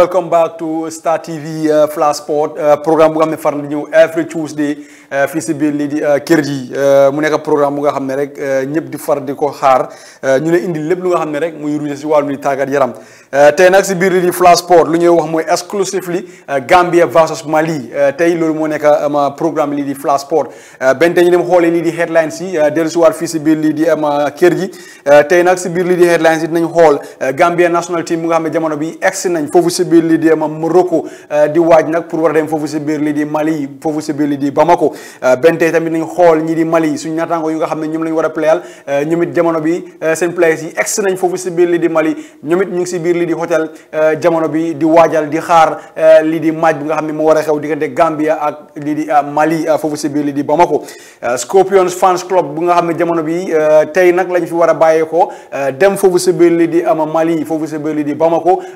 welcome back to Star TV uh, Flash Sport uh, programme bu nga xam ne far na ñëw Tuesday uh, fii lii di kër ji mu nekk programme bu nga xam ne rek ñëpp di far di ko xaar ñu leen indi lépp lu nga xam ne rek muy ruuse si wàllum di tàggat yaram tey nag si biir lii di Flash Sport lu ñuy wax mooy exclusively Gambia versus Mali tey loolu moo nekk ama um, programme lii di Flash Sport benn tey ñu dem xoolee lii di headlines yi dellu si fii si biir lii di um, nag si biir lii di headlines yi dinañ xool Gambia national team bu biir lii di Morocco eh, di waaj nag pour war a dem foofu si biir lii di Mali eh, Mali la ñu war a playal eh, ñoom it jamono bi seen players yi ex nañ foofu si biir lii di Mali ñoom it bi di waajal di bi nga xam ne moo war a xew diggante Gambia ak lii di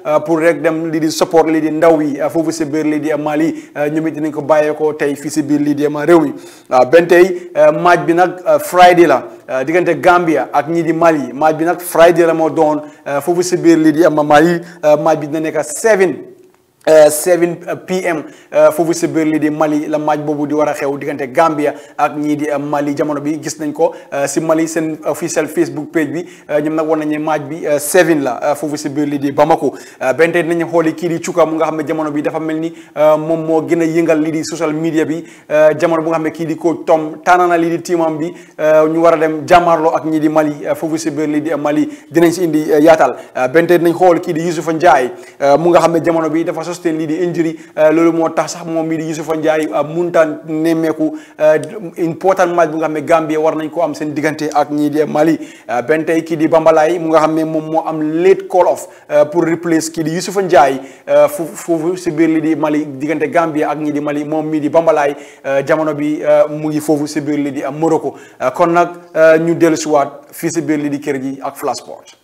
a pour rek dem lii di support lii di ndaw yi ah, foofu si biir lii di Mali ah, ñoom it dinañ ko bàyyeekoo tey fi si biir lii di réew mi ah, benn tey maaj bi nag Friday la diggante Gambia ak ñii di Mali match bi nag Friday la moo doon foofu si biir lii di Mali match bi dina nekk 7. 7 euh, euh, pm euh, foofu si biir lii di Mali la match boobu di war a xew diggante Gambia ak ñii di Mali jamono bi gis nañ ko si Mali seen officiel Facebook page bi ñoom nag war nañu match bi 7 la foofu si biir lii di Bamako benn tey dinañu xooli kii di Chuka mu nga xam ne jamono bi dafa mel ni moom moo gën a yëngal lii di social media bi jamono bu xam ne kii di coach Tom tànn na lii di tiimam bi war a dem jàmmaarloo ak ñii di Mali foofu si biir lii Mali dinañ si indi yaatal benn tey dinañ xool kii di Youssouf Ndiaye mu nga xam ne jamono bi dafa sosté lii di injury euh, loolu moo tax sax moom mii di Youssoupha Ndiaye euh, muntaan nemmeeku euh, important match bu nga xam ne Gambie war nañ ko am seen diggante ak ñii di Mali benn tey kii di Bambalay mu nga xam ne moom moo am late call off pour replace kii di Youssoupha Ndiaye foofu foofu si biir lii di Mali diggante Gambie ak ñii di Mali moom mii di Bambalay jamono bi mu ngi foofu si biir lii di Morocco kon nag ñu dellusiwaat fii si biir lii di kër gi ak Flash Sport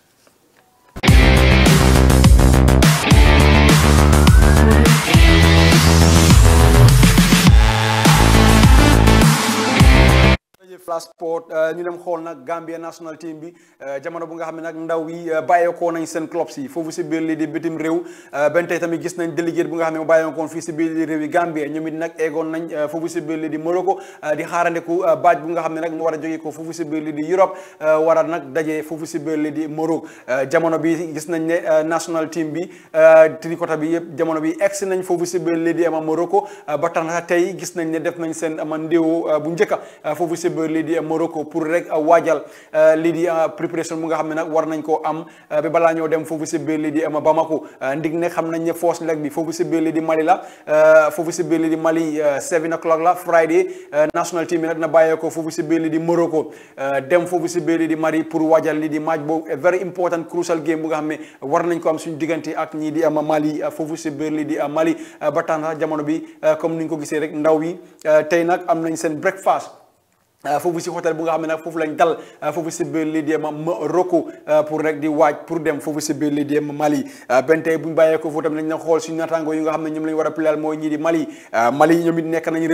sport euh, ñu dem xool nag Gambia national team bi euh, jamono bu nga xam ne nag ndaw yi euh, bàyyeekoo nañ seen clubs yi foofu si biir bitim réew benn tey tamit gis nañ délégué bu nga xam ne mu bàyyeekoon fii si biir lii réew yi Gambia ñoom it nag eggoon nañ foofu si biir lii di Morocco di baaj bu nga xam ne nag mu war a jógee ko foofu si biir di Europe war a nag daje foofu si biir lii Morocco jamono bi gis nañ ne national team bi tricota bi yëpp jamono bi egsi nañ foofu si biir lii di ama Morocco ba na ne def nañ seen ama ndéwo bu njëkka di Morocco pour rek euh, waajal euh, lii di euh, préparation mu nga xam ne nag war nañ koo am balaa ñoo dem foofu si biir lii di Bamako ndig ne xam nañ ne force leg bi foofu si biir lii di Mali la foofu si biir lii di Mali 7 o'clock la Friday national team bi nag na bàyyee ko foofu si biir lii di Morocco dem foofu si biir lii di Mali pour waajal lii di match boobu very important crucial game bu nga xam ne war nañ ko am suñu diggante ak ñii di ama Mali foofu si biir lii di Mali ba tax na jamono bi comme ni ñu ko gisee rek ndaw yi tey nag am nañ seen breakfast Euh, foofu si hôtel bu nga xam ne nag foofu lañ dal euh, foofu si biir lii dem Morocco euh, pour rek di waaj foofu si biir lii dem Mali benn tey bu ñu bàyyee ko foofu tamit nañ na xool yi nga xam ne ñoom la ñu war a pilal mooy ñii di Mali Mali ñoom it nekk nañ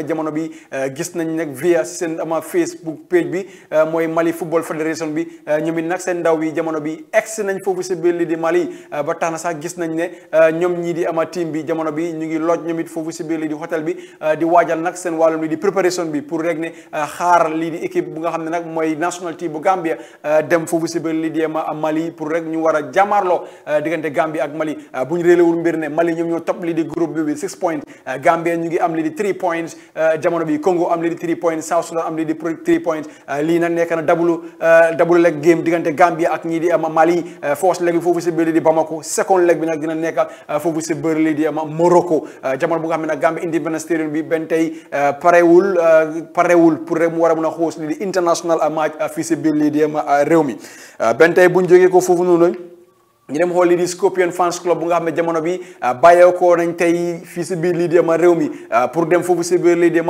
ne jamono bi gis nañ nag bi mooy Mali Football Federation bi ñoom nag seen ndaw yi jamono bi ex nañ foofu si biir lii di Mali ba tax na sax gis nañ ne ñoom ñii di ama team bi jamono bi ñu ngi loj ñoom it foofu si biir lii di hôtel bi di waajal nag seen wàllum lii di préparation bi pour rek ne xaar lii di équipe bu nga xam ne nag mooy national team bu Gambia euh, dem foofu si biir lii di Mali pour rek war a jàmmaarloo euh, diggante Gambia ak Mali euh, bu ñu réelewul mbir ne Mali ñoom ñoo topp lii di groupe bi am lii di three points jamono bi Congo am lii di three points South Sudan am bi foofu si biir lii di Bamako second leg bi nag dina nekk foofu si biir lii di Morocco jamono bu nga xam ne nag Gambia Independence Stadium bi benn tey parewul parewul pour rek mu war a mun a xoos lii international match fii si biir lii di eh, réew mi ah, benn tey bu ñu jógee ko foofu noonu ñu dem xool lii di Scorpion fans club bu nga xam ne jamono bi ah, bàyyeekoo nañ tey fii si biir lii di ma réew mi ah, pour dem foofu si biir lii di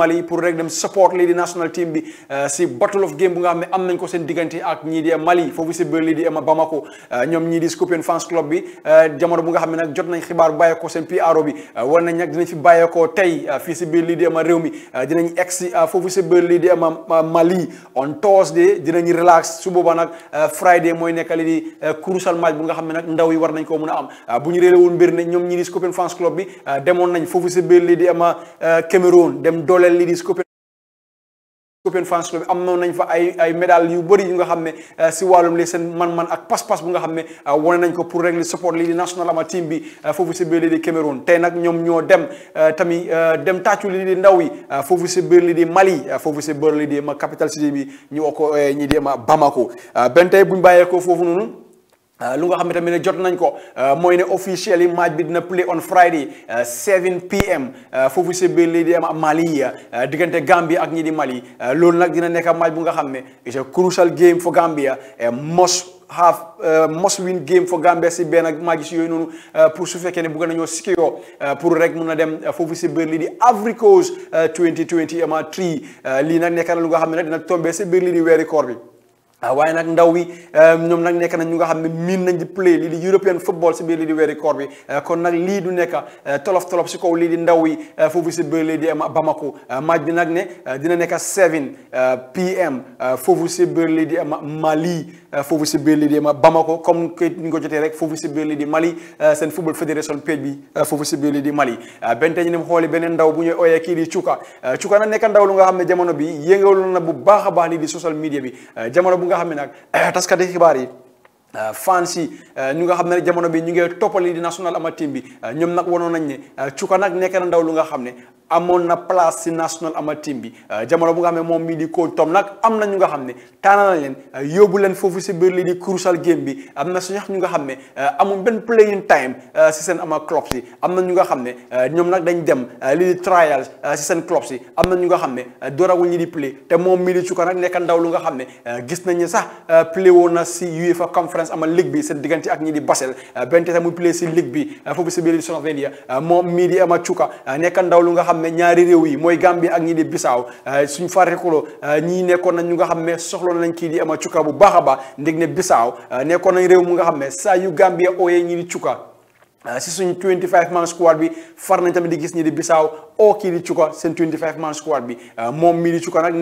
ah, am nañ Bamako ñoom ñii di Scorpion fans club bi jamono bu nga xam ne nag jot nañ xibaar bàyyeekoo seen PRO bi war nañ nag dinañ fi bàyyeekoo tey fii si biir lii di ma réew mi dinañ egg si foofu si biir lii di ma Mali on Thursday dinañ relax su nag Friday mooy nekk lii di crucial match bu nga xam ne nag ndaw yi war nañ koo mun a am ah, bu ñu réeré woon mbir ne ñoom ñi di Scorpion Fans Club bi ah, demoon nañ foofu si lii di ama ah, dem dooleel lii di Scorpion Scorpion Fans am noon nañ fa ay ay médailles yu bëri yu nga xam ne si wàllum li seen man-man ak pas-pas bu nga xam ne wane nañ ko pour rek li support lii di national ama team bi foofu si biir lii di Cameroun tey nag ñoom ñoo dem tamit dem tàccu lii di ndaw yi foofu si biir lii di Mali foofu si biir lii di ma capital city bi ñu woo ko eh, ñi di a Bamako benn tey buñ bàyyee ko foofu noonu Euh, lu nga xam ne tamit jot nañ ko euh, mooy ne officiel yi maaj bi dina play on Friday 7 euh, pm foofu si biir lii di am Mali diggante Gambia ak ñi di Mali loolu nag dina nekk maaj bu nga xam ne it's a crucial game for Gambia must have must win game for Gambia si benn si yooyu noonu pour su fekkee ne bëgg nañoo sikki yoo pour rek mun na dem foofu si biir lii di Ivory Coast 2023 lii nag nekk na lu nga xam ne dina tombé si biir lii di weeri bi. Ah, waaye nag ndaw wi euh, ñoom nag nekk nañ ñu nga xam ne miin nañ di play lii di European football si biir lii di weeri koor bi euh, kon nag lii du nekk euh, tolof tolof si kaw lii di ndaw wi foofu si biir lii di Bamako match bi nag ne dina nekk 7 pm foofu si biir lii di lii Euh, foofu si biir lii di ma Bamako comme que ñu ko jotee rek foofu si biir lii di Mali euh, seen football fédération page bi euh, foofu si biir lii di Mali benn tey ñu dem xooli beneen ndaw bu ñuy ooyee kii di Cuka Cuka na nekk ndaw lu nga xam ne jamono bi yëngalu na bu baax a baax lii di social media nga xam ne nag taskati xibaar yi fans yi ñu nga xam ne jamono bi ñu ngi toppali di national a team bi ñoom nag wanoon nañ ne Cuka nag nekk na ndaw lu nga xam ne amoon na place si national ama team bi euh, jamono bu nga xam ne moom mii di coach Tom nag am na ñu nga xam ne taana na leen euh, yóbbu leen foofu si biir lii di crucial game bi am na su ñu nga xam ne euh, amuñ benn playing time si seen ama club am na ñu nga xam ne ñoom nag dañ dem li di trials si seen club si am na ñu nga xam ne doorawul ñi di play te moom mii di Chuka nag nekk ndaw lu nga xam ne gis nañu sax play woon na si UEFA conference ama ligue bi seen diggante ak ñi di Basel benn te muy play si ligue bi foofu si biir Slovenia moom mii di ama ne ñaari réew yi mooy Gambie ak ñi di Bissau euh, suñ farekuloo euh, ñii nekkoon nañ ñu nga xam ne soxloon nañ kii di ama cuka bu baax a baax ndég ne Bissau euh, nekkoon nañ réew mu nga xam ne saa yu Gambie ooyee ñi di cuka Ah, si suñu 25 man squad bi far nañ tamit di gis ñi di Bissau oo kii di Cuka seen 25 man squad bi ah, moom mii di Cuka nag ah,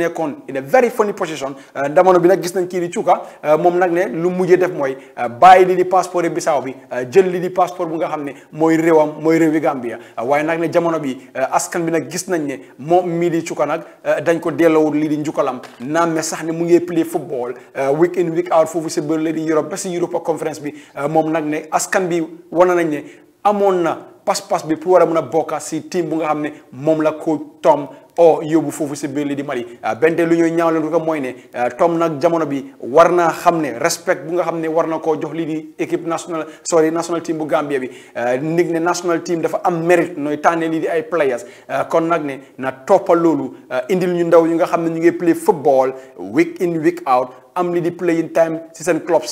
bi nag gis nañ kii di Cuka moom nag ne lu mujjee def mooy bàyyi li di passeport Bissau bi jël li di passeport bu nga xam ne mooy réewam mooy réewi Gambia waaye nag ne jamono bi askan bi nag gis nañ ne moom mii di Cuka nag dañ ko delloowul lii di njukalam naam ne sax ne mu ngi play football week in week out foofu si bëri la di Europe ba bi moom nag ne askan bi wana nañ ne amoon na pas-pas bi pour war a mën a bokka si team bu nga xam ne moom la koo Tom oo oh, yóbbu foofu si biir lii di Mali ah, benn lu ñuy ñaaw leen ko mooy ne ah, Tom nag jamono bi war naa xam ne respect bu nga xam ne war na koo jox lii di équipe national sorry national team bu Gambia bi ah, nit ne national team dafa am merit nooy tànnee lii di ay players kon nag ne na toppal loolu indil ñu ndaw ñu nga xam ne ñu ngi play football week in week out am li di playing time si seen club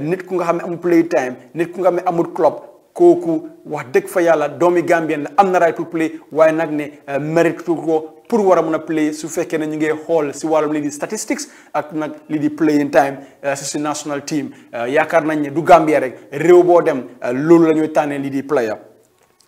nit ku nga xam ne amul playing time nit ku nga xam ne amul club kooku wax dëgg fa yàlla doomi Gambien la am na right pour play waaye nag ni ne euh, mérite ko pour war a mën a play su fekkee ne ñu ngi xool si wàllum lii di statistics ak nag lii di playing time euh, si si national team euh, yaakaar nañ ne du Gambia rek réew boo dem loolu la ñuy tànnee lii di player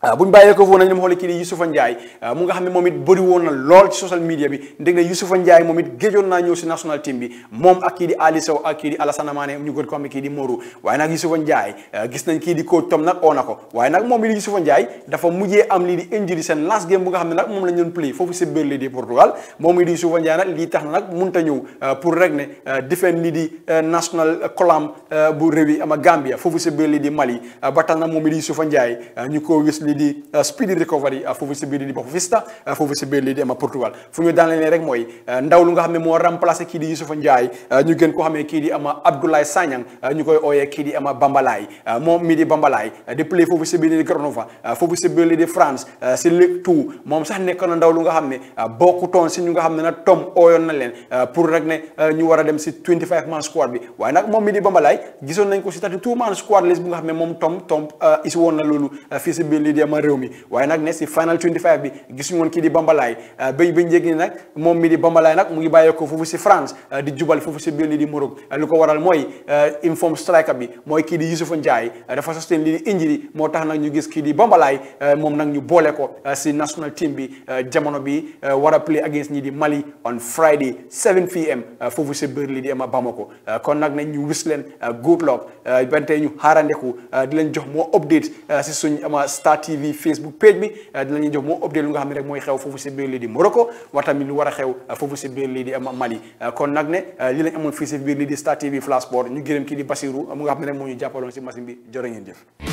Ah, bu ñu bàyyee ko foofu nañ dem xooli kii di Youssoufa Ndiaye ah, mu nga xam ne moom it bëri na lool ci social media bi ndég na Youssoufa moom it géejoon naa ñëw si national team bi moom ak kii di Ali ak kii di Alassane ñu ko xam ne kii di Moru waaye nag Youssoufa Ndiaye ah, gis nañ kii di coach Tom ko xam ne nag moom la ñu doon play foofu si lii di Portugal moom it di Youssoufa Ndiaye nag lii tax na nag mënta ñëw pour rek ne defend lii di national column bu réewi ama Gambia foofu si lii di Mali ba tax na lii di euh, speed recovery euh, foofu si biir di Boko Fista foofu si biir lii di ama Portugal fu ñu daanee rek mooy euh, ndaw lu nga xam ne moo remplacé kii di Youssoufa Ndiaye ñu gën ko xamee kii di ama Abdoulaye Sanyang ñu koy ooyee kii di ama Bambalay moom mii di Bambalay di play foofu si biir lii di Granova foofu si biir lii di France si Ligue 2 moom sax nekk na ndaw lu nga xam ne bokkutoon si ñu nga xam ne nag Tom ooyoon na leen pour rek ne ñu war a dem si 25 man squad bi waaye nag moom mii di Bambalay gisoon nañ ko si 32 man squad list bu nga xam ne moom Tom Tom is woon na loolu fii si biir lii jéema réew mi waaye nag ne si final 25 bi gisuñu woon kii di bambalaay euh, béy bañ njéeg ni nag moom mi di bambalaay nag mu ngi bàyyeekoo foofu si France euh, di jubal foofu si biir lii di Morog euh, li ko waral mooy inform striker bi mooy kii di Youssouf Ndiaye dafa sustain lii di injury moo tax nag ñu gis kii di bambalaay moom nag ñu boole ko si national team bi jamono bi war play against ñi di Mali on Friday 7 pm foofu si biir lii di ama ko kon nag nañ ñu wis leen good luck bante ñu xaarandeku di leen jox moo update si suñ TV Facebook page bi euh, dinañu jox moo update lu nga xam ne rek mooy xew foofu si biir lii di Morocco war tamit lu war a xew euh, foofu si biir lii di euh, Mali kon nag ne lii lañ amoon fii si biir lii di Star TV Flash Sport ñu gërëm kii di Basirou mu nga xam ne rek moo ñu jàppaloon si machine bi jërë jëf